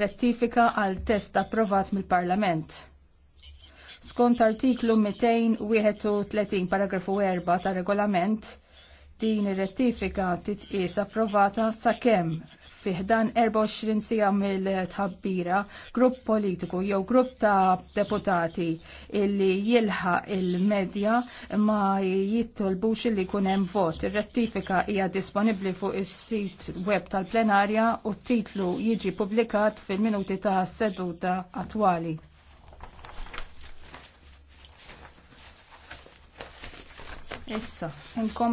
rettifika għal test approvat mill-Parlament. Skont artiklu 231 paragrafu 4 ta' regolament, din ir-rettifika titqies approvata sakemm Fih dan 24 sija mill-tħabbira grupp politiku jew grupp ta' deputati illi jilħa il-medja ma jittolbux illi kun hemm vot. Ir-rettifika hija disponibbli fuq is-sit web tal-plenarja u t-titlu jiġi publikat fil-minuti ta' seduta attwali. Issa, inkom